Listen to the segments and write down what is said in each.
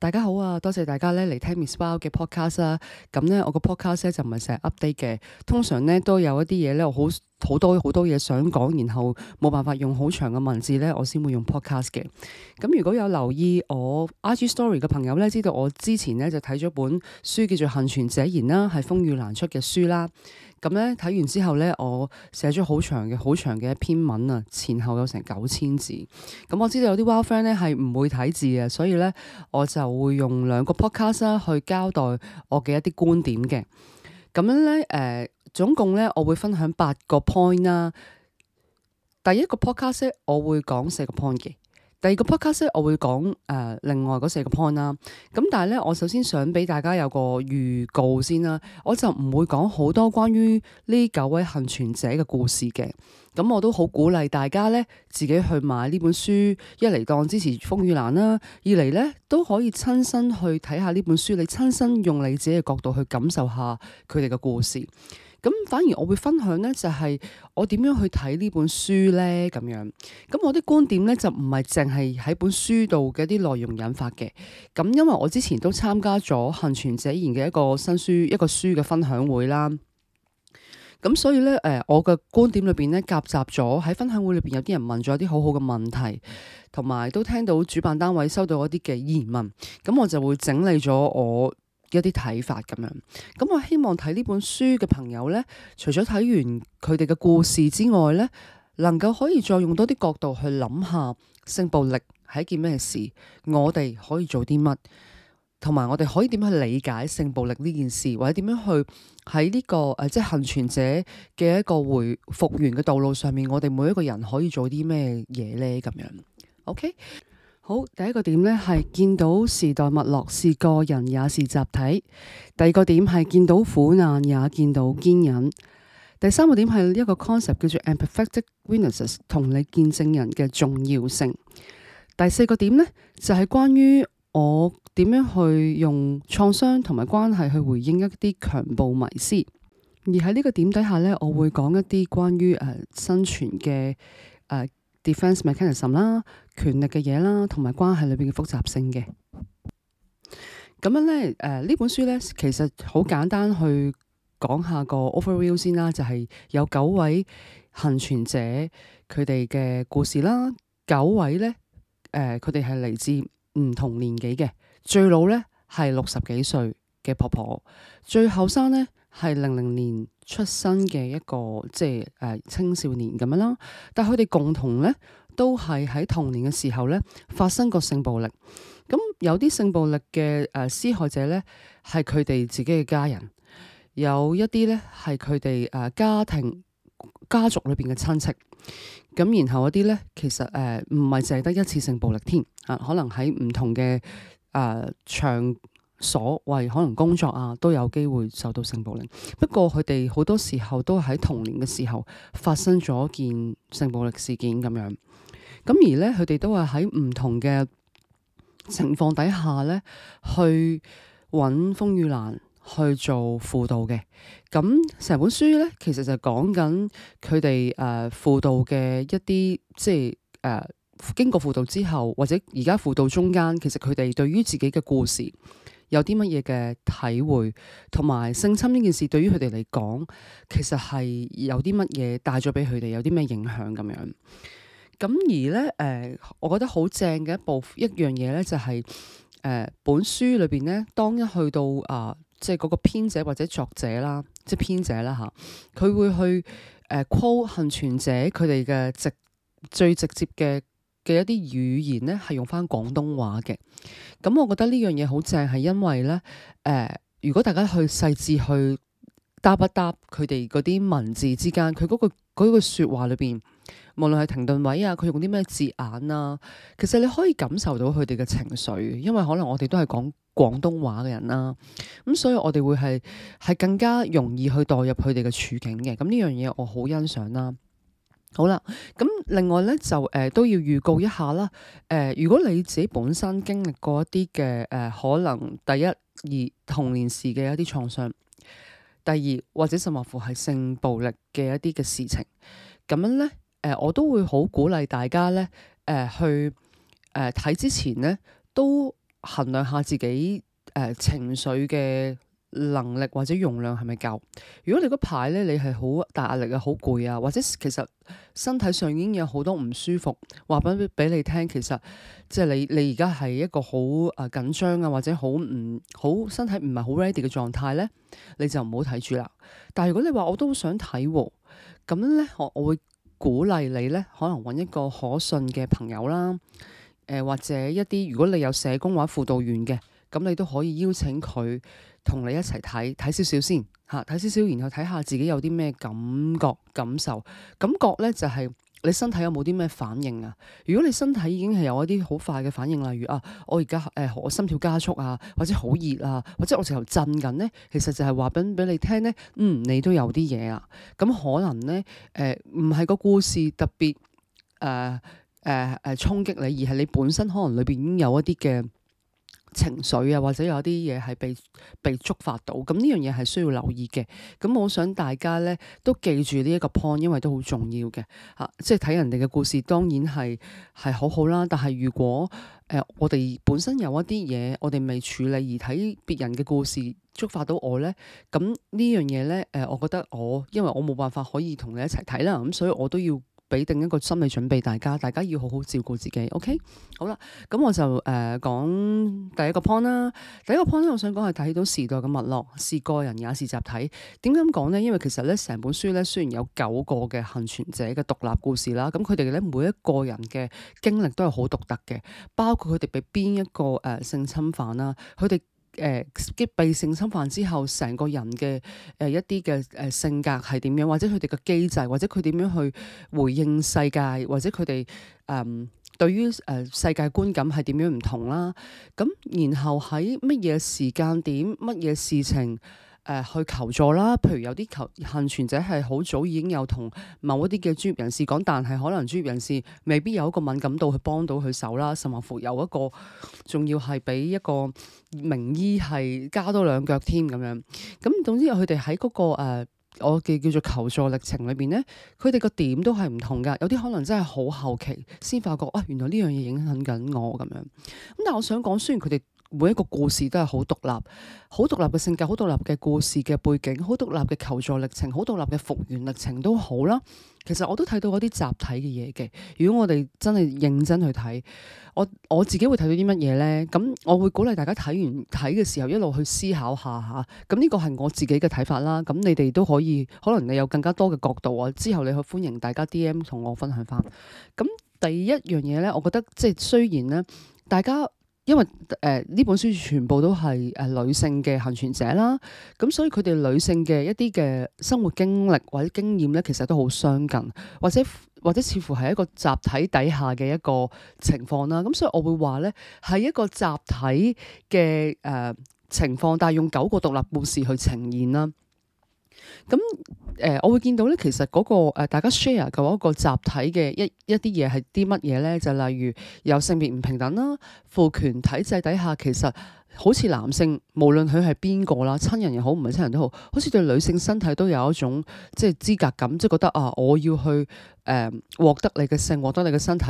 大家好啊！多謝大家咧嚟聽 Miss Well 嘅 podcast 啦。咁咧，我個 podcast 咧就唔係成日 update 嘅。通常咧都有一啲嘢咧，我好好多好多嘢想講，然後冇辦法用好長嘅文字咧，我先會用 podcast 嘅。咁如果有留意我 IG story 嘅朋友咧，知道我之前咧就睇咗本書叫做《幸存者言》啦，係風雨蘭出嘅書啦。咁咧睇完之後咧，我寫咗好長嘅好長嘅一篇文啊，前後有成九千字。咁我知道有啲 wild friend 咧係唔會睇字嘅，所以咧我就會用兩個 podcast 去交代我嘅一啲觀點嘅。咁樣咧，誒總共咧，我會分享八個 point 啦。第一個 podcast 我會講四個 point 嘅。第二個 podcast，我會講誒、呃，另外嗰四個 point 啦。咁但係咧，我首先想俾大家有個預告先啦。我就唔會講好多關於呢九位幸存者嘅故事嘅。咁我都好鼓勵大家咧，自己去買呢本書，一嚟當支持風雨蘭啦，二嚟咧都可以親身去睇下呢本書，你親身用你自己嘅角度去感受下佢哋嘅故事。咁反而我會分享呢，就係我點樣去睇呢本書呢？咁樣。咁我啲觀點呢，就唔係淨係喺本書度嘅啲內容引發嘅。咁因為我之前都參加咗幸存者言嘅一個新書一個書嘅分享會啦。咁所以呢，誒、呃，我嘅觀點裏邊呢，夾雜咗喺分享會裏邊有啲人問咗啲好好嘅問題，同埋都聽到主辦單位收到一啲嘅疑問。咁我就會整理咗我。一啲睇法咁樣，咁我希望睇呢本書嘅朋友呢，除咗睇完佢哋嘅故事之外呢，能夠可以再用多啲角度去諗下性暴力係一件咩事，我哋可以做啲乜，同埋我哋可以點去理解性暴力呢件事，或者點樣去喺呢個誒即係幸存者嘅一個回復原嘅道路上面，我哋每一個人可以做啲咩嘢呢？咁樣，OK？好，第一個點呢，係見到時代脈絡，是個人也是集體；第二個點係見到苦難，也見到堅韌；第三個點係一個 concept 叫做 empathetic witnesses 同你見證人嘅重要性；第四個點呢，就係、是、關於我點樣去用創傷同埋關係去回應一啲強暴迷思，而喺呢個點底下呢，我會講一啲關於誒、呃、生存嘅誒。呃 Defense mechanism 啦，權力嘅嘢啦，同埋關係裏邊嘅複雜性嘅。咁樣咧，誒、呃、呢本書咧，其實好簡單去講下一個 overview 先啦，就係、是、有九位幸存者佢哋嘅故事啦。九位咧，誒佢哋係嚟自唔同年紀嘅，最老咧係六十幾歲嘅婆婆，最後生咧，係零零年出生嘅一個即係誒、呃、青少年咁樣啦，但係佢哋共同咧都係喺童年嘅時候咧發生過性暴力，咁有啲性暴力嘅誒施害者咧係佢哋自己嘅家人，有一啲咧係佢哋誒家庭家族裏面嘅親戚，咁然後一啲咧其實誒唔係淨係得一次性暴力添啊，可能喺唔同嘅誒場、呃場所謂可能工作啊，都有機會受到性暴力。不過佢哋好多時候都喺童年嘅時候發生咗件性暴力事件咁樣。咁而咧，佢哋都係喺唔同嘅情況底下咧，去揾風雨蘭去做輔導嘅。咁成本書咧，其實就講緊佢哋誒輔導嘅一啲，即係誒、呃、經過輔導之後，或者而家輔導中間，其實佢哋對於自己嘅故事，有啲乜嘢嘅體會同埋性侵呢件事對於佢哋嚟講，其實係有啲乜嘢帶咗俾佢哋，有啲咩影響咁樣。咁而咧，誒，我覺得好正嘅一部一樣嘢咧，就係誒本書裏邊咧，當一去到啊，即係嗰個編者或者作者啦，即係編者啦吓，佢、啊、會去誒 call 倖存者佢哋嘅直最直接嘅。嘅一啲語言咧，係用翻廣東話嘅。咁、嗯、我覺得呢樣嘢好正，係因為咧，誒、呃，如果大家去細緻去搭一搭佢哋嗰啲文字之間，佢嗰、那個嗰、那個説話裏邊，無論係停頓位啊，佢用啲咩字眼啊，其實你可以感受到佢哋嘅情緒，因為可能我哋都係講廣東話嘅人啦、啊。咁、嗯、所以我哋會係係更加容易去代入佢哋嘅處境嘅。咁、嗯、呢樣嘢我好欣賞啦。好啦，咁另外咧就誒、呃、都要預告一下啦，誒、呃、如果你自己本身經歷過一啲嘅誒可能第一二童年時嘅一啲創傷，第二或者甚至乎係性暴力嘅一啲嘅事情，咁樣咧誒、呃、我都會好鼓勵大家咧誒、呃、去誒睇、呃、之前呢，都衡量下自己誒、呃、情緒嘅。能力或者容量係咪夠？如果你嗰排咧，你係好大壓力啊，好攰啊，或者其實身體上已經有好多唔舒服，話翻俾你聽，其實即係你你而家係一個好誒緊張啊，或者好唔好身體唔係好 ready 嘅狀態咧，你就唔好睇住啦。但係如果你話我都想睇，啊，咁咧我我會鼓勵你咧，可能搵一個可信嘅朋友啦，誒、呃、或者一啲如果你有社工或者輔導員嘅，咁你都可以邀請佢。.同你一齊睇睇少少先嚇，睇少少，然後睇下自己有啲咩感覺感受，感覺咧就係、係、你身體有冇啲咩反應啊？如果你身體已經係有一啲好快嘅反應，例如啊，我而家誒我心跳加速啊，或者好熱啊，或者我成頭震緊咧，其實就係話俾俾你聽咧，嗯，你都有啲嘢啊，咁、嗯、可能咧誒唔係個故事特別誒誒誒衝擊你，而係你本身可能裏邊已經有一啲嘅。情緒啊，或者有啲嘢係被被觸發到，咁呢樣嘢係需要留意嘅。咁我想大家咧都記住呢一個 point，因為都好重要嘅嚇、啊。即係睇人哋嘅故事，當然係係好好啦。但係如果誒、呃、我哋本身有一啲嘢，我哋未處理而睇別人嘅故事觸發到我咧，咁呢樣嘢咧誒，我覺得我因為我冇辦法可以同你一齊睇啦，咁所以我都要。俾定一個心理準備，大家，大家要好好照顧自己，OK？好啦，咁我就誒講、呃、第一個 point 啦。第一個 point 咧，我想講係睇到時代嘅脈絡，是個人也是集體。點解咁講呢？因為其實咧，成本書咧雖然有九個嘅幸存者嘅獨立故事啦，咁佢哋咧每一個人嘅經歷都係好獨特嘅，包括佢哋被邊一個誒、呃、性侵犯啦，佢哋。誒激被性侵犯之後，成個人嘅誒、呃、一啲嘅誒性格係點樣，或者佢哋嘅機制，或者佢點樣去回應世界，或者佢哋誒對於誒、呃、世界觀感係點樣唔同啦。咁然後喺乜嘢時間點，乜嘢事情？誒去求助啦，譬如有啲求幸存者係好早已經有同某一啲嘅專業人士講，但係可能專業人士未必有一個敏感度去幫到佢手啦，甚或乎有一個仲要係俾一個名醫係加多兩腳添咁樣。咁總之佢哋喺嗰個誒，我嘅叫做求助歷程裏邊咧，佢哋個點都係唔同噶。有啲可能真係好後期先發覺啊，原來呢樣嘢影響緊我咁樣。咁但係我想講，雖然佢哋。每一個故事都係好獨立，好獨立嘅性格，好獨立嘅故事嘅背景，好獨立嘅求助歷程，獨歷程，好獨立嘅復原歷程都好啦。其實我都睇到一啲集體嘅嘢嘅。如果我哋真係認真去睇，我我自己會睇到啲乜嘢呢？咁我會鼓勵大家睇完睇嘅時候一路去思考下吓。咁呢個係我自己嘅睇法啦。咁你哋都可以，可能你有更加多嘅角度啊。之後你去歡迎大家 DM 同我分享翻。咁第一樣嘢呢，我覺得即係雖然呢大家。因為誒呢本書全部都係誒女性嘅幸存者啦，咁所以佢哋女性嘅一啲嘅生活經歷或者經驗咧，其實都好相近，或者或者似乎係一個集體底下嘅一個情況啦。咁所以我會話咧，係一個集體嘅誒情況，但係用九個獨立故事去呈現啦。咁誒、呃，我會見到咧，其實嗰、那個、呃、大家 share 嘅一個集體嘅一一啲嘢係啲乜嘢咧？就例如有性別唔平等啦，父權體制底下其實。好似男性，無論佢係邊個啦，親人又好，唔係親人都好，好似對女性身體都有一種即係資格感，即係覺得啊，我要去誒獲得你嘅性，獲得你嘅身體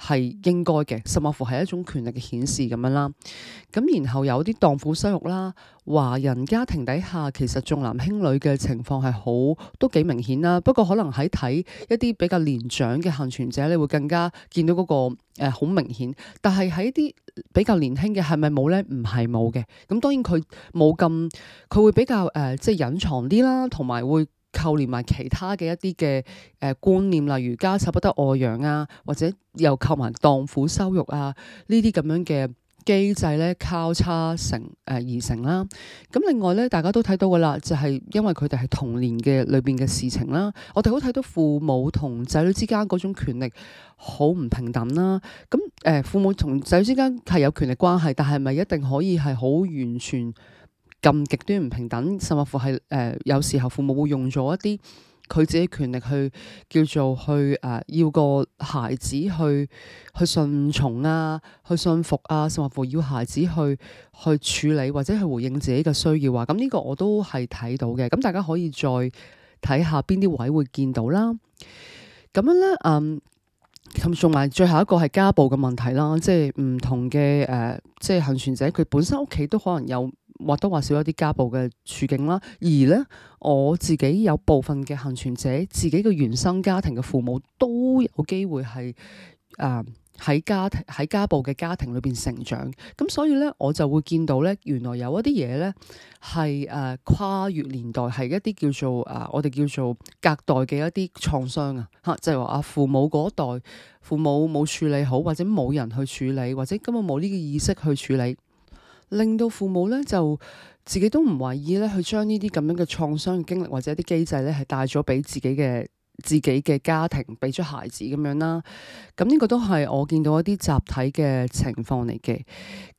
係應該嘅，甚至乎係一種權力嘅顯示咁樣啦。咁然後有啲蕩婦羞辱啦，華人家庭底下其實重男輕女嘅情況係好都幾明顯啦。不過可能喺睇一啲比較年長嘅幸存者，你會更加見到嗰個。誒好、呃、明顯，但係喺啲比較年輕嘅係咪冇咧？唔係冇嘅。咁、嗯、當然佢冇咁，佢會比較誒、呃、即係隱藏啲啦，同埋會扣連埋其他嘅一啲嘅誒觀念，例如家畜不得外養啊，或者又扣埋蕩婦羞辱、啊啊呢啲咁樣嘅。機制咧交叉成誒而成啦，咁另外咧大家都睇到嘅啦，就係因為佢哋係童年嘅裏邊嘅事情啦，我哋好睇到父母同仔女之間嗰種權力好唔平等啦，咁誒父母同仔女之間係有權力關係，但係咪一定可以係好完全咁極端唔平等，甚或乎係誒有時候父母會用咗一啲。佢自己權力去叫做去誒、呃，要個孩子去去順從啊，去信服啊，甚至乎要孩子去去處理或者去回應自己嘅需要啊。咁呢個我都係睇到嘅。咁大家可以再睇下邊啲位會見到啦。咁樣咧，嗯，同埋最後一個係家暴嘅問題啦。即係唔同嘅誒、呃，即係幸存者佢本身屋企都可能有。或多或少一啲家暴嘅處境啦，而咧我自己有部分嘅幸存者，自己嘅原生家庭嘅父母都有機會係啊，喺家庭、喺家暴嘅家庭裏邊成長，咁所以咧我就會見到咧，原來有一啲嘢咧係誒跨越年代，係一啲叫做啊我哋叫做隔代嘅一啲創傷啊吓，就係話啊父母嗰一代父母冇處理好，或者冇人去處理，或者根本冇呢個意識去處理。令到父母咧就自己都唔為意咧，去將呢啲咁樣嘅創傷嘅經歷或者啲機制咧，係帶咗俾自己嘅自己嘅家庭，俾咗孩子咁樣啦。咁呢個都係我見到一啲集體嘅情況嚟嘅。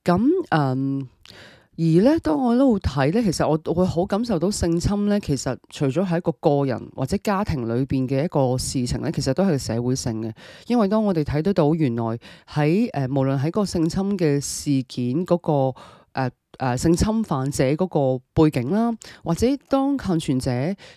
咁嗯。而咧，當我一路睇咧，其實我會好感受到性侵咧，其實除咗係一個個人或者家庭裏邊嘅一個事情咧，其實都係社會性嘅。因為當我哋睇得到原來喺誒、呃、無論喺個性侵嘅事件嗰個。誒，性侵犯者嗰個背景啦，或者當幸存者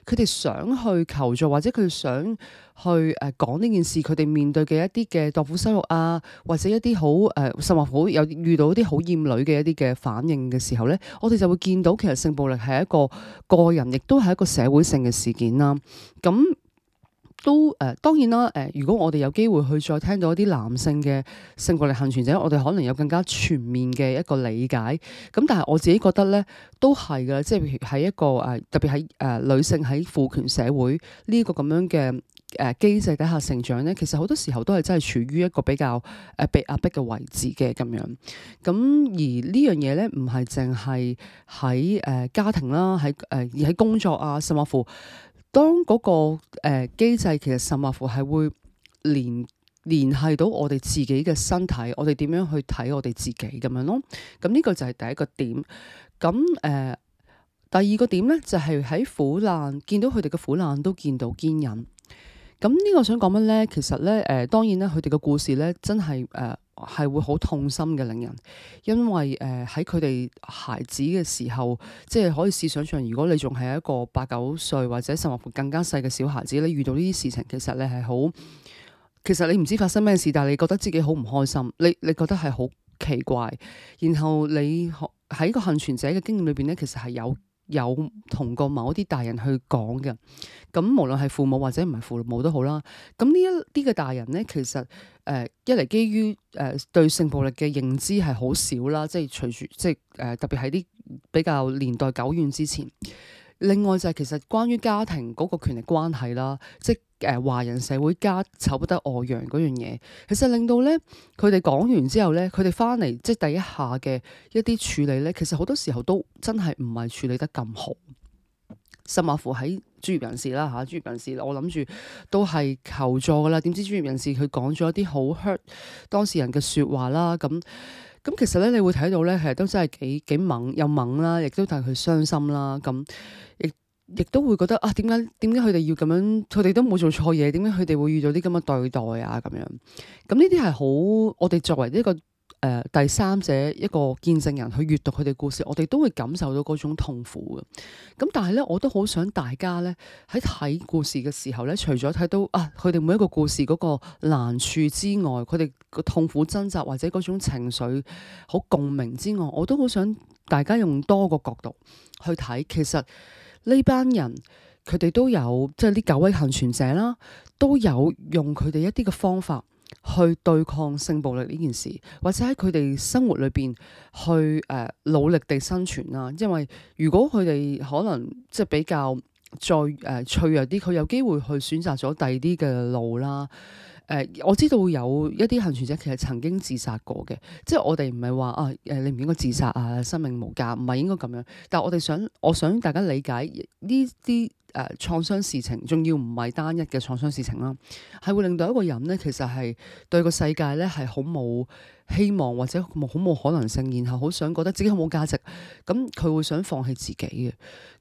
佢哋想去求助，或者佢想去誒講呢件事，佢哋面對嘅一啲嘅墮苦羞辱啊，或者一啲好誒，甚至乎有遇到一啲好厭女嘅一啲嘅反應嘅時候咧，我哋就會見到其實性暴力係一個個人，亦都係一個社會性嘅事件啦。咁都誒、呃、當然啦誒、呃，如果我哋有機會去再聽到一啲男性嘅性暴力幸存者，我哋可能有更加全面嘅一個理解。咁但係我自己覺得咧，都係嘅，即係喺一個誒、呃、特別喺誒、呃、女性喺父權社會呢個咁樣嘅誒機制底下成長咧，其實好多時候都係真係處於一個比較誒被壓迫嘅位置嘅咁樣。咁而呢樣嘢咧，唔係淨係喺誒家庭啦，喺誒而喺工作啊，甚至乎。當嗰、那個誒機、呃、制其實甚至乎係會連聯繫到我哋自己嘅身體，我哋點樣去睇我哋自己咁樣咯？咁呢個就係第一個點。咁誒、呃，第二個點咧就係、是、喺苦難見到佢哋嘅苦難都見到堅忍。咁呢個想講乜咧？其實咧誒、呃，當然咧佢哋嘅故事咧真係誒。呃係會好痛心嘅，令人，因為誒喺佢哋孩子嘅時候，即係可以試想象，如果你仲係一個八九歲或者甚至乎更加細嘅小孩子，你遇到呢啲事情，其實你係好，其實你唔知發生咩事，但係你覺得自己好唔開心，你你覺得係好奇怪，然後你喺個幸存者嘅經驗裏邊呢其實係有。有同過某一啲大人去講嘅，咁無論係父母或者唔係父母都好啦。咁呢一啲嘅大人咧，其實誒一嚟基於誒對性暴力嘅認知係好少啦，即係隨住即係誒特別喺啲比較年代久遠之前，另外就係其實關於家庭嗰個權力關係啦，即係誒華人社會家醜不得外揚嗰樣嘢，其實令到咧佢哋講完之後咧，佢哋翻嚟即係第一下嘅一啲處理咧，其實好多時候都真係唔係處理得咁好。甚至乎喺專業人士啦嚇，專業人士我諗住都係求助㗎啦，點知專業人士佢講咗啲好 hurt 當事人嘅説話啦咁。咁其實咧，你會睇到咧，其實都真係幾幾猛，又猛啦，亦都帶佢傷心啦，咁亦亦都會覺得啊，點解點解佢哋要咁樣？佢哋都冇做錯嘢，點解佢哋會遇到啲咁嘅對待啊？咁樣，咁呢啲係好，我哋作為一個，誒、呃、第三者一個見證人去閱讀佢哋故事，我哋都會感受到嗰種痛苦嘅。咁但係咧，我都好想大家咧喺睇故事嘅時候咧，除咗睇到啊佢哋每一個故事嗰個難處之外，佢哋個痛苦掙扎或者嗰種情緒好共鳴之外，我都好想大家用多個角度去睇。其實呢班人佢哋都有即係呢九位幸存者啦，都有用佢哋一啲嘅方法。去對抗性暴力呢件事，或者喺佢哋生活裏邊去誒努力地生存啦。因為如果佢哋可能即係比較再誒脆弱啲，佢有機會去選擇咗第二啲嘅路啦。誒、呃，我知道有一啲幸存者其實曾經自殺過嘅，即係我哋唔係話啊，誒，你唔應該自殺啊，生命無價，唔係應該咁樣。但係我哋想，我想大家理解呢啲。誒，創傷、呃、事情，仲要唔係單一嘅創傷事情啦，係會令到一個人咧，其實係對個世界咧係好冇希望，或者好冇可能性，然後好想覺得自己好冇價值，咁佢會想放棄自己嘅。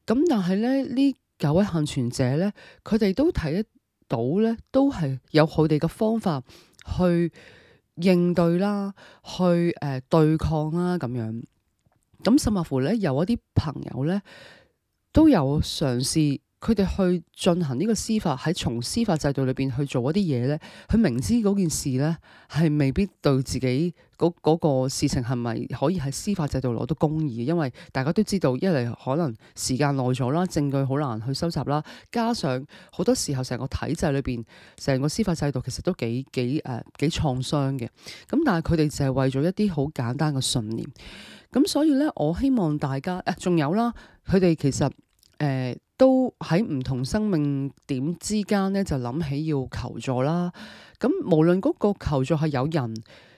咁但係咧，呢九位幸存者咧，佢哋都睇得到咧，都係有佢哋嘅方法去應對啦，去誒、呃、對抗啦，咁樣。咁甚至乎咧，有一啲朋友咧都有嘗試。佢哋去進行呢個司法，喺從司法制度裏邊去做一啲嘢咧，佢明知嗰件事咧係未必對自己嗰、嗰個事情係咪可以喺司法制度攞到公義？因為大家都知道，一嚟可能時間耐咗啦，證據好難去收集啦，加上好多時候成個體制裏邊，成個司法制度其實都幾幾誒、呃、幾創傷嘅。咁但係佢哋就係為咗一啲好簡單嘅信念。咁所以咧，我希望大家誒仲、呃、有啦，佢哋其實誒。呃都喺唔同生命點之間咧，就諗起要求助啦。咁無論嗰個求助係有人，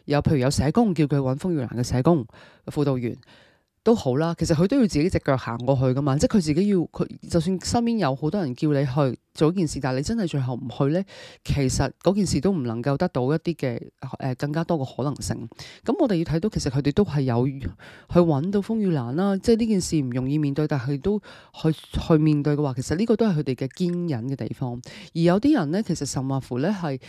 又譬如有社工，叫佢揾風雨蘭嘅社工、輔導員。都好啦，其實佢都要自己隻腳行過去㗎嘛，即係佢自己要佢，就算身邊有好多人叫你去做件事，但係你真係最後唔去呢？其實嗰件事都唔能夠得到一啲嘅誒更加多嘅可能性。咁我哋要睇到其實佢哋都係有去揾到風雨難啦，即係呢件事唔容易面對，但係都去去面對嘅話，其實呢個都係佢哋嘅堅忍嘅地方。而有啲人呢，其實甚至乎呢？係。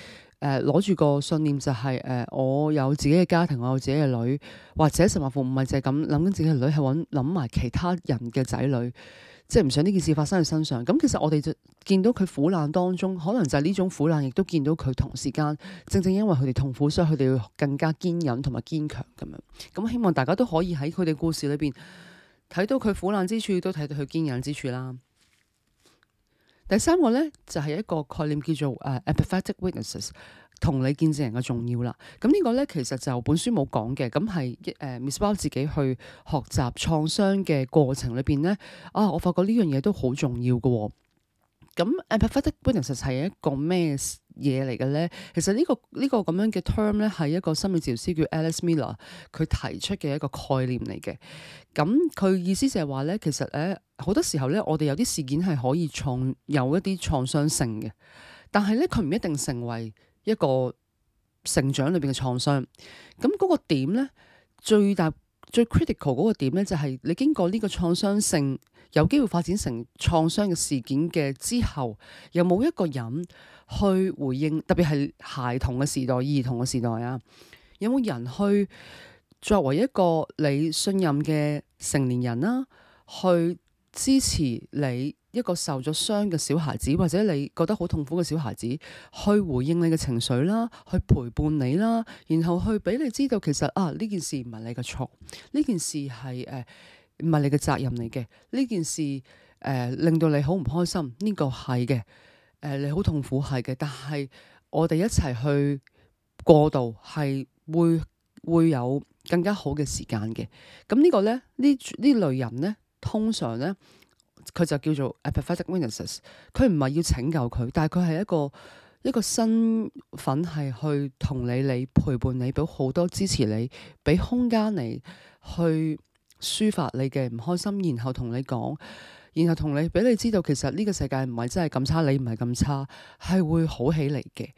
誒攞住個信念就係、是、誒、呃，我有自己嘅家庭，我有自己嘅女，或者十萬父唔係淨係咁諗緊自己嘅女，係揾諗埋其他人嘅仔女，即係唔想呢件事發生喺身上。咁、嗯、其實我哋就見到佢苦難當中，可能就係呢種苦難，亦都見到佢同時間，正正因為佢哋痛苦，所以佢哋要更加堅忍同埋堅強咁樣。咁、嗯、希望大家都可以喺佢哋故事裏邊睇到佢苦難之處，都睇到佢堅忍之處啦。第三個咧就係一個概念叫做誒 empathetic witnesses 同你見證人嘅重要啦。咁呢個咧其實就本書冇講嘅，咁係誒 Miss Bow 自己去學習創傷嘅過程裏邊咧，啊，我發覺呢樣嘢都好重要嘅。咁 empathetic witnesses 係一個咩嘢嚟嘅咧，其實呢個呢個咁樣嘅 term 咧，係一個心理治療師叫 Alice Miller 佢提出嘅一個概念嚟嘅。咁佢意思就係話咧，其實咧好多時候咧，我哋有啲事件係可以創有一啲創傷性嘅，但係咧佢唔一定成為一個成長裏邊嘅創傷，咁嗰個點咧，最大。最 critical 嗰個點咧，就係你經過呢個創傷性有機會發展成創傷嘅事件嘅之後，有冇一個人去回應？特別係孩童嘅時代、兒童嘅時代啊，有冇人去作為一個你信任嘅成年人啦，去支持你？一個受咗傷嘅小孩子，或者你覺得好痛苦嘅小孩子，去回應你嘅情緒啦，去陪伴你啦，然後去俾你知道，其實啊呢件事唔係你嘅錯，呢件事係誒唔係你嘅責任嚟嘅，呢件事誒、呃、令到你好唔開心，呢、呢個係嘅，誒、呃、你好痛苦係嘅，但係我哋一齊去過渡係會會有更加好嘅時間嘅。咁、嗯呢個、呢個咧，呢呢類人咧，通常咧。佢就叫做 empathetic witnesses，佢唔係要拯救佢，但係佢係一個一個身份係去同你、你陪伴你、俾好多支持你、俾空間你去抒發你嘅唔開心，然後同你講，然後同你俾你知道，其實呢個世界唔係真係咁差，你唔係咁差，係會好起嚟嘅。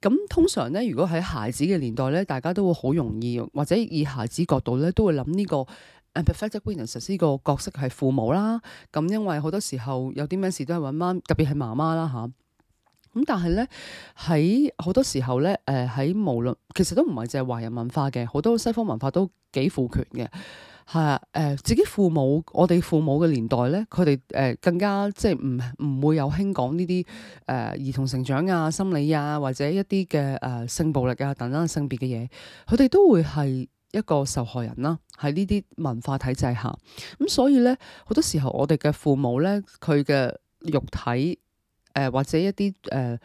咁通常呢，如果喺孩子嘅年代呢，大家都會好容易，或者以孩子角度呢，都會諗呢、呢個。perfective r e n t 實施呢個角色係父母啦，咁因為好多時候有啲咩事都係揾媽，媽，特別係媽媽啦吓，咁但係咧，喺好多時候咧，誒、呃、喺無論其實都唔係淨係華人文化嘅，好多西方文化都幾父權嘅，係、啊、誒、呃、自己父母。我哋父母嘅年代咧，佢哋誒更加即係唔唔會有興講呢啲誒兒童成長啊、心理啊，或者一啲嘅誒性暴力啊等等性別嘅嘢，佢哋都會係。一個受害人啦，喺呢啲文化體制下，咁所以呢，好多時候我哋嘅父母呢，佢嘅肉體，誒、呃、或者一啲誒、呃、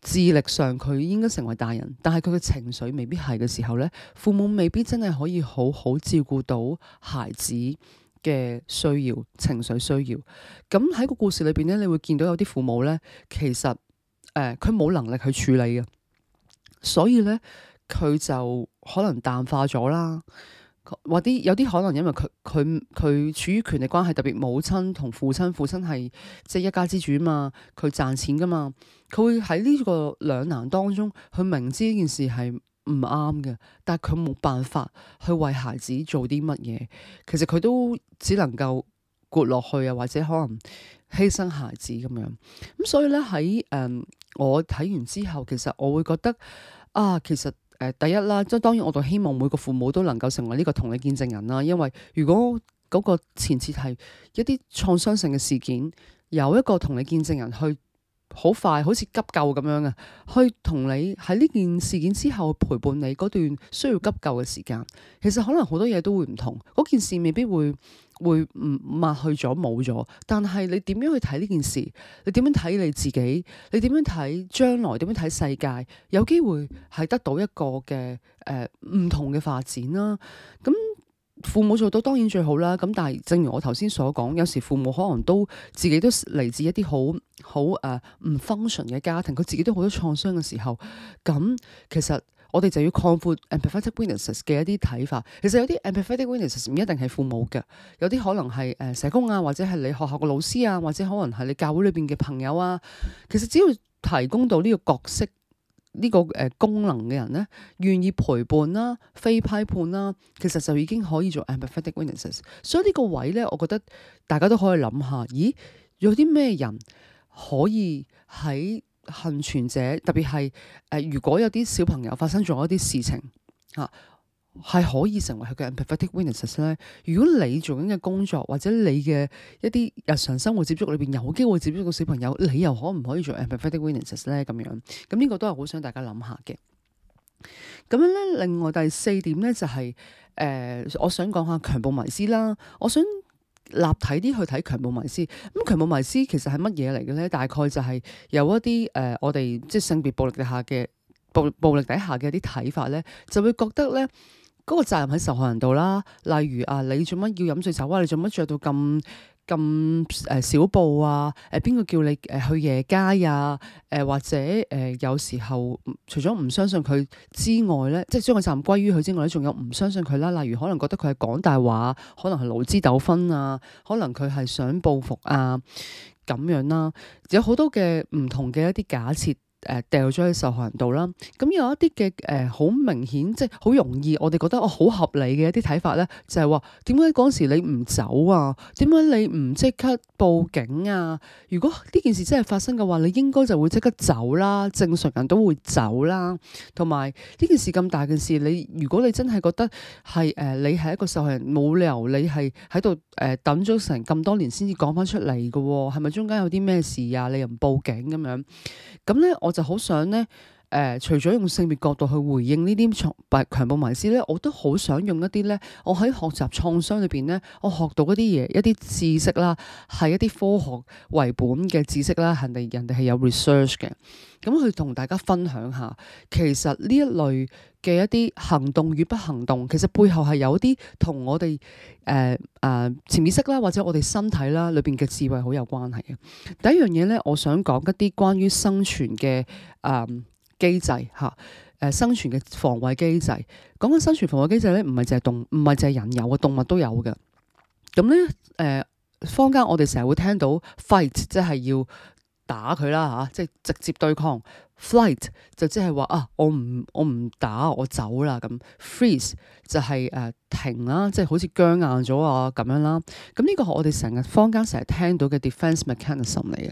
智力上佢應該成為大人，但係佢嘅情緒未必係嘅時候呢，父母未必真係可以好好照顧到孩子嘅需要、情緒需要。咁喺個故事裏邊呢，你會見到有啲父母呢，其實誒佢冇能力去處理嘅，所以呢。佢就可能淡化咗啦，或啲有啲可能，因為佢佢佢處於權力關係，特別母親同父親，父親係即係一家之主啊嘛，佢賺錢噶嘛，佢會喺呢個兩難當中，佢明知呢件事係唔啱嘅，但係佢冇辦法去為孩子做啲乜嘢，其實佢都只能夠豁落去啊，或者可能犧牲孩子咁樣，咁所以咧，喺誒我睇完之後，其實我會覺得啊，其實。誒第一啦，即係當然我就希望每個父母都能夠成為呢個同理見證人啦，因為如果嗰個前設係一啲創傷性嘅事件，有一個同理見證人去。好快，好似急救咁樣嘅，去同你喺呢件事件之後陪伴你嗰段需要急救嘅時間，其實可能好多嘢都會唔同，嗰件事未必會會抹去咗冇咗。但係你點樣去睇呢件事？你點樣睇你自己？你點樣睇將來點樣睇世界？有機會係得到一個嘅誒唔同嘅發展啦。咁、嗯。父母做到當然最好啦，咁但係正如我頭先所講，有時父母可能都自己都嚟自一啲好好誒唔 function 嘅家庭，佢自己都好多創傷嘅時候，咁其實我哋就要擴闊 empathetic witnesses 嘅一啲睇法。其實有啲 empathetic witnesses 唔一定係父母嘅，有啲可能係誒社工啊，或者係你學校嘅老師啊，或者可能係你教會裏邊嘅朋友啊。其實只要提供到呢個角色。呢個誒功能嘅人咧，願意陪伴啦、非批判啦，其實就已經可以做 empathetic witnesses。所以呢個位咧，我覺得大家都可以諗下，咦，有啲咩人可以喺幸存者，特別係誒，如果有啲小朋友發生咗一啲事情嚇。係可以成為佢嘅 empathetic witnesses 咧。如果你做緊嘅工作，或者你嘅一啲日常生活接觸裏邊有機會接觸到小朋友，你又可唔可以做 empathetic witnesses 咧？咁樣咁呢、這個都係好想大家諗下嘅。咁樣咧，另外第四點咧就係、是、誒、呃，我想講下強暴迷思啦。我想立體啲去睇強暴迷思。咁強暴迷思其實係乜嘢嚟嘅咧？大概就係有一啲誒、呃、我哋即係性別暴力下嘅暴暴力底下嘅一啲睇法咧，就會覺得咧。嗰個責任喺受害人度啦，例如啊，你做乜要飲醉酒啊？你做乜着到咁咁誒小布啊？誒邊個叫你誒去夜街呀？誒或者誒有時候除咗唔相信佢之外咧，即係將個責任歸於佢之外咧，仲有唔相信佢啦。例如可能覺得佢係講大話，可能係勞資糾紛啊，可能佢係想報復啊咁樣啦，有好多嘅唔同嘅一啲假設。誒掉咗喺受害人度啦，咁有一啲嘅誒好明顯，即係好容易，我哋覺得我好合理嘅一啲睇法咧，就係話點解嗰時你唔走啊？點解你唔即刻報警啊？如果呢件事真係發生嘅話，你應該就會即刻走啦，正常人都會走啦。同埋呢件事咁大件事，你如果你真係覺得係誒、呃，你係一個受害人，冇理由你係喺度誒等咗成咁多年先至講翻出嚟嘅喎，係咪中間有啲咩事啊？你又唔報警咁、啊、樣，咁咧我就好想咧。誒，除咗用性別角度去回應呢啲強強暴迷思咧，我都好想用一啲咧，我喺學習創傷裏邊咧，我學到嗰啲嘢，一啲知識啦，係一啲科學為本嘅知識啦，人哋人哋係有 research 嘅，咁去同大家分享下，其實呢一類嘅一啲行動與不行動，其實背後係有啲同我哋誒誒潛意識啦，或者我哋身體啦裏邊嘅智慧好有關係嘅。第一樣嘢咧，我想講一啲關於生存嘅誒，呃機制吓，誒生存嘅防衛機制，講緊生存防衛機制咧，唔係淨係動，唔係淨係人有嘅，動物都有嘅。咁咧，誒，坊間我哋成日會聽到 fight，即係要打佢啦吓，即係直接對抗；flight 就即係話啊，我唔我唔打，我走啦咁；freeze。就係誒停啦、就是，即係好似僵硬咗啊咁樣啦。咁呢個係我哋成日坊間成日聽到嘅 defense mechanism 嚟嘅，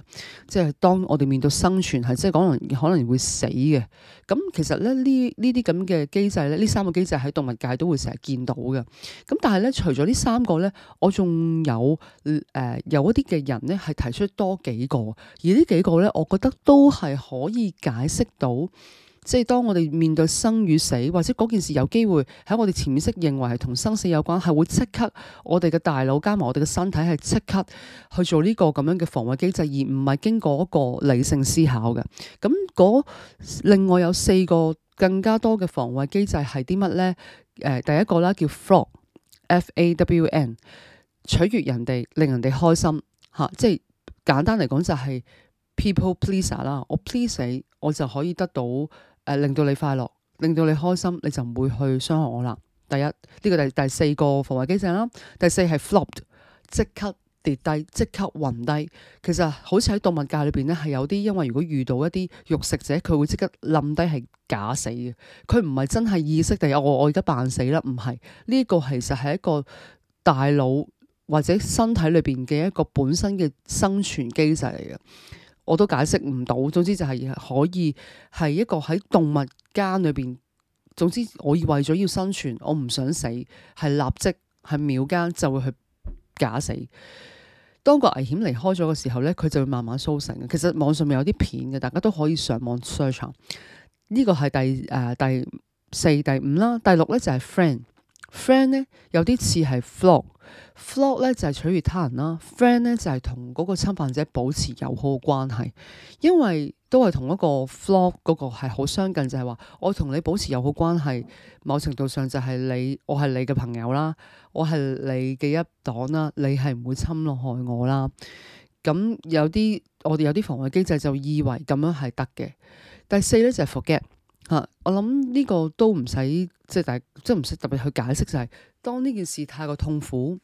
即係當我哋面對生存係即係可能可能會死嘅。咁其實咧呢呢啲咁嘅機制咧，呢三個機制喺動物界都會成日見到嘅。咁但係咧，除咗呢三個咧，我仲有誒、呃、有一啲嘅人咧係提出多幾個，而呢幾個咧，我覺得都係可以解釋到。即係當我哋面對生與死，或者嗰件事有機會喺我哋潛意識認為係同生死有關，係會即刻我哋嘅大腦加埋我哋嘅身體係即刻去做呢個咁樣嘅防衛機制，而唔係經過一個理性思考嘅。咁嗰另外有四個更加多嘅防衛機制係啲乜呢？誒、呃，第一個啦叫 Fawn，F A W N，取悅人哋，令人哋開心嚇。即係簡單嚟講就係 People Pleaser 啦，我 please 我就可以得到。誒令到你快樂，令到你開心，你就唔會去傷害我啦。第一呢、呢個第第四個防衛機制啦，第四係 flopped，即刻跌低，即刻暈低。其實好似喺動物界裏邊呢，係有啲因為如果遇到一啲肉食者，佢會即刻冧低係假死嘅，佢唔係真係意識定我我我而家扮死啦。唔係呢個其實係一個大腦或者身體裏邊嘅一個本身嘅生存機制嚟嘅。我都解釋唔到，總之就係可以係一個喺動物間裏邊，總之我為咗要生存，我唔想死，係立即係秒間就會去假死。當個危險離開咗嘅時候呢，佢就會慢慢蘇醒。其實網上面有啲片嘅，大家都可以上網 search。呢個係第誒、呃、第四、第五啦，第六呢就係、是、friend。friend 呢，有啲似係 flock，flock 咧就係取悅他人啦，friend 咧就係同嗰個侵犯者保持友好關係，因為都係同一個 flock 嗰個係好相近，就係話我同你保持友好關係，某程度上就係你，我係你嘅朋友啦，我係你嘅一黨啦，你係唔會侵略害我啦。咁有啲我哋有啲防衛機制就以為咁樣係得嘅。第四咧就係 forget。啊、我諗呢個都唔使，即係大，即係唔使特別去解釋，就係當呢件事太過痛苦，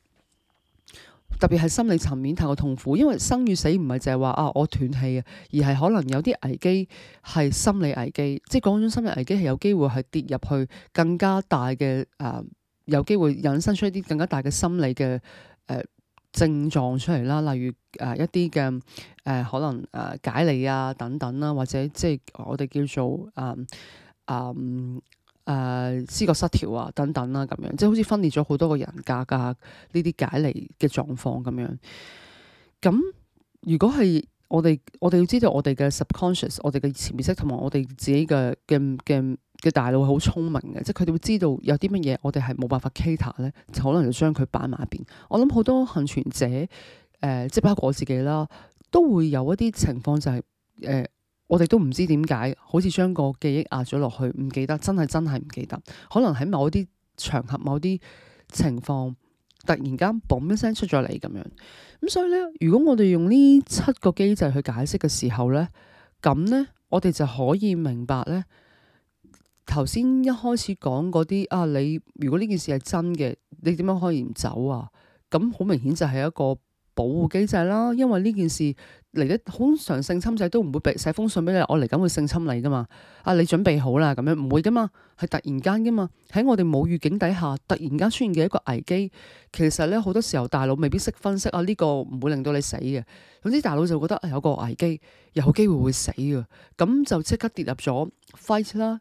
特別係心理層面太過痛苦，因為生與死唔係就係話啊，我斷氣啊，而係可能有啲危機係心理危機，即係嗰種心理危機係有機會係跌入去更加大嘅誒、呃，有機會引申出一啲更加大嘅心理嘅誒。呃症狀出嚟啦，例如誒一啲嘅誒可能誒解離啊等等啦、啊，或者即係我哋叫做誒誒誒思覺失調啊等等啦、啊，咁樣即係好似分裂咗好多個人格啊呢啲解離嘅狀況咁樣。咁如果係我哋，我哋要知道我哋嘅 subconscious，我哋嘅潛意識同埋我哋自己嘅嘅嘅。嘅大腦好聰明嘅，即係佢哋會知道有啲乜嘢我哋係冇辦法 cater 咧，就可能就將佢擺埋一邊。我諗好多幸存者，誒、呃，即包括我自己啦，都會有一啲情況就係、是、誒、呃，我哋都唔知點解，好似將個記憶壓咗落去，唔記得，真係真係唔記得。可能喺某啲場合、某啲情況，突然間嘣一聲出咗嚟咁樣。咁所以咧，如果我哋用呢七個機制去解釋嘅時候咧，咁咧我哋就可以明白咧。頭先一開始講嗰啲啊，你如果呢件事係真嘅，你點樣可以唔走啊？咁好明顯就係一個保護機制啦。因為呢件事嚟得通常性侵者都唔會俾寫封信俾你，我嚟緊會性侵你噶嘛。啊，你準備好啦，咁樣唔會噶嘛，係突然間噶嘛，喺我哋冇預警底下突然間出現嘅一個危機，其實咧好多時候大腦未必識分析啊。呢個唔會令到你死嘅，總之大佬就覺得有個危機，有機會會死嘅，咁就即刻跌入咗 fight 啦。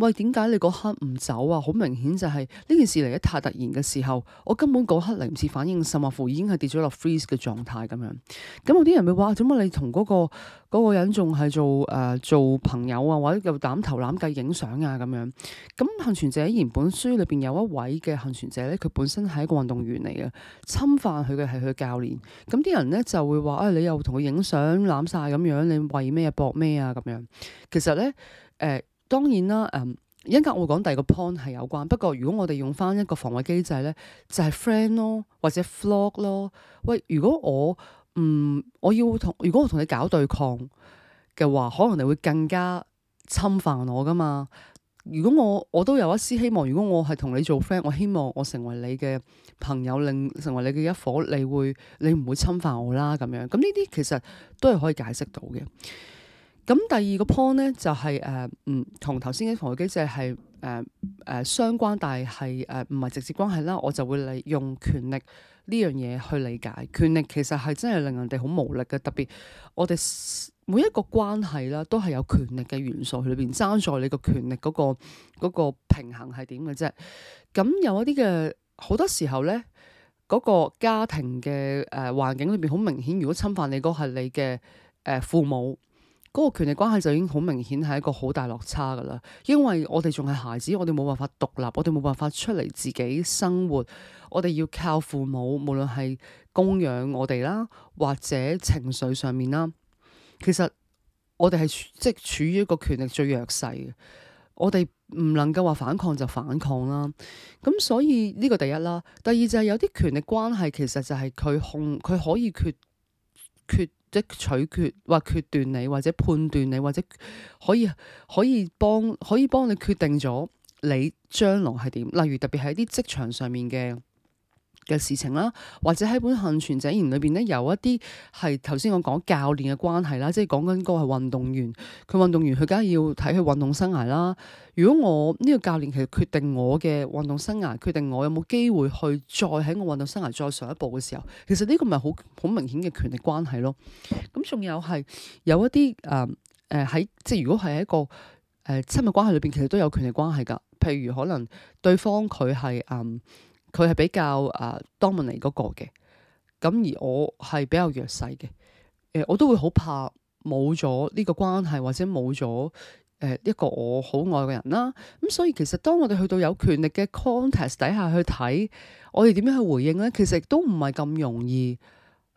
喂，點解你嗰刻唔走啊？好明顯就係呢件事嚟得太突然嘅時候，我根本嗰刻嚟唔切反應，甚至乎已經係跌咗落 freeze 嘅狀態咁樣。咁有啲人咪話，點解你同嗰、嗰個、嗰、嗰個人仲係做誒、呃、做朋友啊？或者又攬頭攬頸影相啊？咁樣咁幸存者言，本書裏邊有一位嘅幸存者咧，佢本身係一個運動員嚟嘅，侵犯佢嘅係佢教練。咁啲人咧就會話，誒、哎、你又同佢影相攬晒咁樣，你為咩搏咩啊？咁樣其實咧，誒、呃。當然啦，嗯，一陣我會講第二個 point 係有關。不過，如果我哋用翻一個防衛機制呢，就係、是、friend 咯，或者 flock 咯。喂，如果我唔、嗯，我要同，如果我同你搞對抗嘅話，可能你會更加侵犯我噶嘛。如果我我都有一絲希望，如果我係同你做 friend，我希望我成為你嘅朋友，令成為你嘅一伙，你會你唔會侵犯我啦咁樣。咁呢啲其實都係可以解釋到嘅。咁第二個 point 咧，就係、是、誒嗯，同頭先嘅防衛機制係誒誒相關，但係誒唔係直接關係啦。我就會利用權力呢樣嘢去理解。權力其實係真係令人哋好無力嘅，特別我哋每一個關係啦，都係有權力嘅元素裏邊，爭在你個權力嗰、嗰個嗰個平衡係點嘅啫。咁有一啲嘅好多時候咧，嗰、嗰個家庭嘅誒、呃、環境裏邊好明顯，如果侵犯你嗰係你嘅誒、呃、父母。嗰個權力關係就已經好明顯係一個好大落差噶啦，因為我哋仲係孩子，我哋冇辦法獨立，我哋冇辦法出嚟自己生活，我哋要靠父母，無論係供養我哋啦，或者情緒上面啦，其實我哋係即係處於一個權力最弱勢嘅，我哋唔能夠話反抗就反抗啦。咁所以呢個第一啦，第二就係有啲權力關係其實就係佢控佢可以決決。即係取決或決斷你，或者判斷你，或者可以可以幫可以幫你決定咗你將來係點。例如特別喺啲職場上面嘅。嘅事情啦，或者喺本幸存者言裏邊咧，有一啲係頭先我講教練嘅關係啦，即係講緊個係運動員，佢運動員佢梗係要睇佢運動生涯啦。如果我呢個教練其實決定我嘅運動生涯，決定我有冇機會去再喺我運動生涯再上一步嘅時候，其實呢個咪好好明顯嘅權力關係咯。咁仲有係有一啲誒誒喺即係如果係一個誒親密關係裏邊，其實都有權力關係噶。譬如可能對方佢係誒。呃佢係比較誒 dominate 嗰個嘅，咁而我係比較弱勢嘅，誒我都會好怕冇咗呢個關係，或者冇咗誒一個我好愛嘅人啦。咁所以其實當我哋去到有權力嘅 context 底下去睇，我哋點樣去回應呢？其實都唔係咁容易，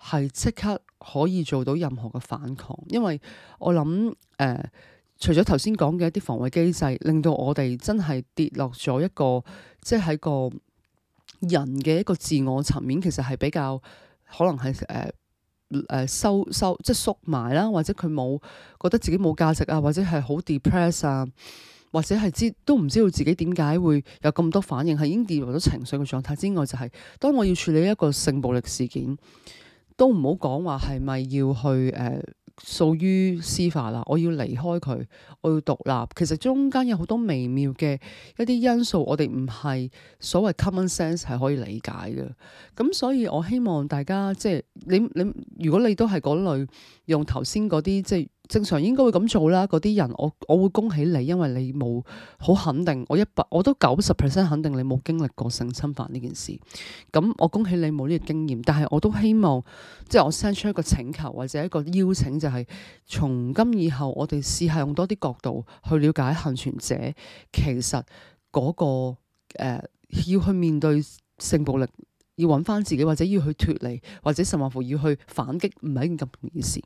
係即刻可以做到任何嘅反抗，因為我諗誒、呃，除咗頭先講嘅一啲防衛機制，令到我哋真係跌落咗一個，即係喺個。人嘅一個自我層面，其實係比較可能係誒誒，收收即係縮埋啦，或者佢冇覺得自己冇價值啊，或者係好 depress 啊，或者係知都唔知道自己點解會有咁多反應，係已經跌落咗情緒嘅狀態之外，就係，就係當我要處理一個性暴力事件。都唔好講話係咪要去誒屬於司法啦？我要離開佢，我要獨立。其實中間有好多微妙嘅一啲因素，我哋唔係所謂 common sense 係可以理解嘅。咁所以我希望大家即係你你，如果你都係嗰類用頭先嗰啲即係。正常應該會咁做啦。嗰啲人我，我我會恭喜你，因為你冇好肯定。我一百我都九十 percent 肯定你冇經歷過性侵犯呢件事。咁我恭喜你冇呢個經驗。但係我都希望，即係我 send 出一個請求或者一個邀請，就係，就係從今以後，我哋試下用多啲角度去了解幸存者，其實嗰、嗰個、呃、要去面對性暴力，要搵返自己，或者要去脫離，或者甚或乎要去反擊，唔係一件咁容易事。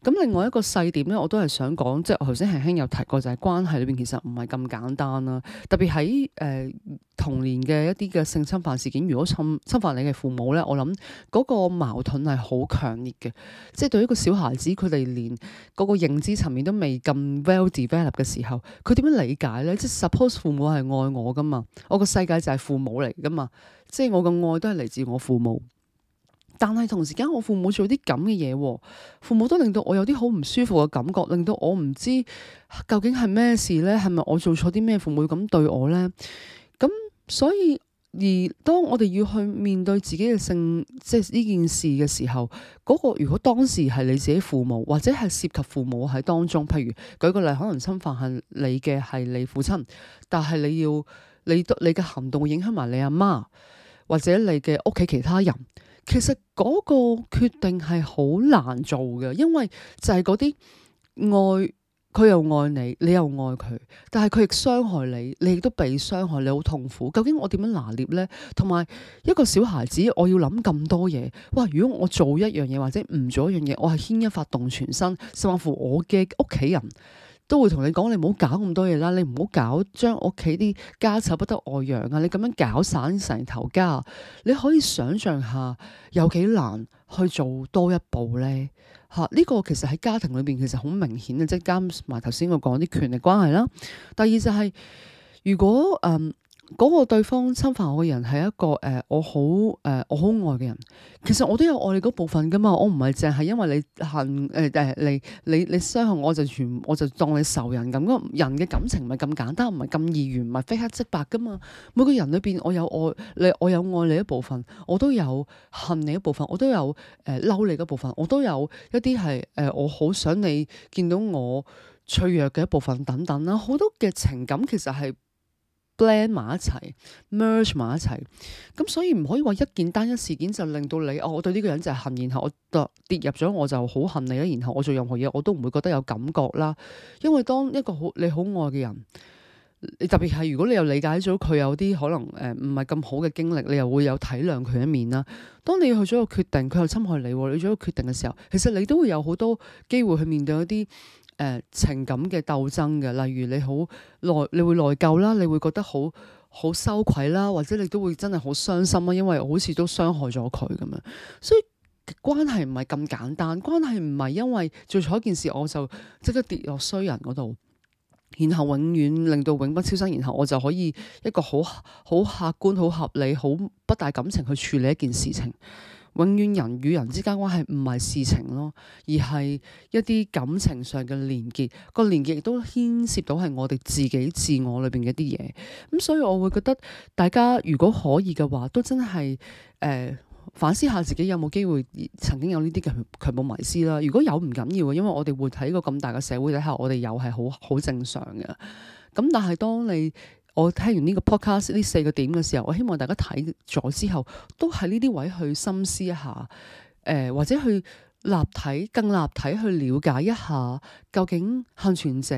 咁另外一個細點咧，我都係想講，即係我頭先輕輕有提過，就係、是、關係裏邊其實唔係咁簡單啦。特別喺誒、呃、童年嘅一啲嘅性侵犯事件，如果侵侵犯你嘅父母咧，我諗嗰個矛盾係好強烈嘅。即係對於一個小孩子，佢哋連嗰個認知層面都未咁 well develop 嘅時候，佢點樣理解咧？即係 suppose 父母係愛我噶嘛？我個世界就係父母嚟噶嘛？即係我嘅愛都係嚟自我父母。但係同時間，我父母做啲咁嘅嘢，父母都令到我有啲好唔舒服嘅感覺，令到我唔知究竟係咩事呢？係咪我做錯啲咩？父母咁對我呢？咁、嗯、所以，而當我哋要去面對自己嘅性，即係呢件事嘅時候，嗰個如果當時係你自己父母，或者係涉及父母喺當中，譬如舉個例，可能侵犯係你嘅係你父親，但係你要你你嘅行動會影響埋你阿媽，或者你嘅屋企其他人。其實嗰個決定係好難做嘅，因為就係嗰啲愛，佢又愛你，你又愛佢，但係佢亦傷害你，你亦都被傷害，你好痛苦。究竟我點樣拿捏呢？同埋一個小孩子，我要諗咁多嘢。哇！如果我做一樣嘢，或者唔做一樣嘢，我係牽一髮動全身，甚至乎我嘅屋企人。都會同你講，你唔好搞咁多嘢啦，你唔好搞將屋企啲家醜不得外揚啊！你咁樣搞散成頭家，你可以想象下有幾難去做多一步呢。嚇？呢、這個其實喺家庭裏面其實好明顯嘅，即係加埋頭先我講啲權力關係啦。第二就係、是、如果誒。嗯嗰個對方侵犯我嘅人係一個誒、呃，我好誒、呃，我好愛嘅人。其實我都有愛你嗰部分㗎嘛，我唔係淨係因為你恨誒誒、呃、你你你傷害我就全我就當你仇人咁。人嘅感情唔係咁簡單，唔係咁二元，唔係非黑即白㗎嘛。每個人裏邊我有愛你，我有愛你一部分，我都有恨你一部分，我都有誒嬲、呃、你一部分，我都有一啲係誒我好想你見到我脆弱嘅一部分等等啦。好多嘅情感其實係。blend 埋一齊，merge 埋一齊，咁所以唔可以話一件單一事件就令到你哦，我對呢個人就係恨，然後我跌入咗我就好恨你啦，然後我做任何嘢，我都唔會覺得有感覺啦。因為當一個好你好愛嘅人，你特別係如果你又理解咗佢有啲可能誒唔係咁好嘅經歷，你又會有體諒佢一面啦。當你去咗個決定，佢又侵害你，你去咗個決定嘅時候，其實你都會有好多機會去面對一啲。誒、呃，情感嘅鬥爭嘅，例如你好內，你會內疚啦，你會覺得好好羞愧啦，或者你都會真係好傷心啊，因為好似都傷害咗佢咁樣，所以關係唔係咁簡單，關係唔係因為做錯一件事，我就即刻跌落衰人嗰度，然後永遠令到永不超生。然後我就可以一個好好客觀、好合理、好不帶感情去處理一件事情。永遠人與人之間關係唔係事情咯，而係一啲感情上嘅連結。個連結亦都牽涉到係我哋自己自我裏邊嘅啲嘢。咁所以我會覺得大家如果可以嘅話，都真係誒、呃、反思下自己有冇機會曾經有呢啲嘅強暴迷思啦。如果有唔緊要嘅，因為我哋活喺個咁大嘅社會底下，我哋有係好好正常嘅。咁但係當你我聽完呢個 podcast 呢四個點嘅時候，我希望大家睇咗之後，都喺呢啲位去深思一下，誒、呃、或者去立體、更立體去了解一下究竟幸存者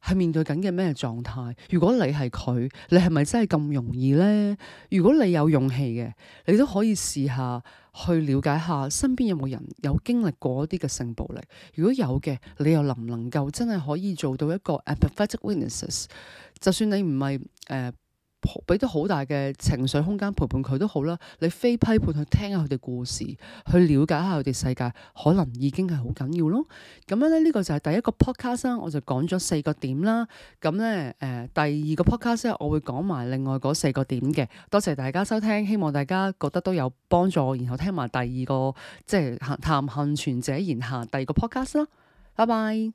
係面對緊嘅咩狀態。如果你係佢，你係咪真係咁容易呢？如果你有勇氣嘅，你都可以試下去了解下身邊有冇人有經歷過一啲嘅性暴力。如果有嘅，你又能唔能夠真係可以做到一個 empathetic witnesses？就算你唔係誒，俾咗好大嘅情緒空間陪伴佢都好啦，你非批判去聽下佢哋故事，去了解下佢哋世界，可能已經係好緊要咯。咁樣咧，呢、這個就係第一個 podcast，我就講咗四個點啦。咁咧誒，第二個 podcast 我會講埋另外嗰四個點嘅。多謝大家收聽，希望大家覺得都有幫助，然後聽埋第二個即係談幸存者，言下，第二個 podcast 啦。拜拜。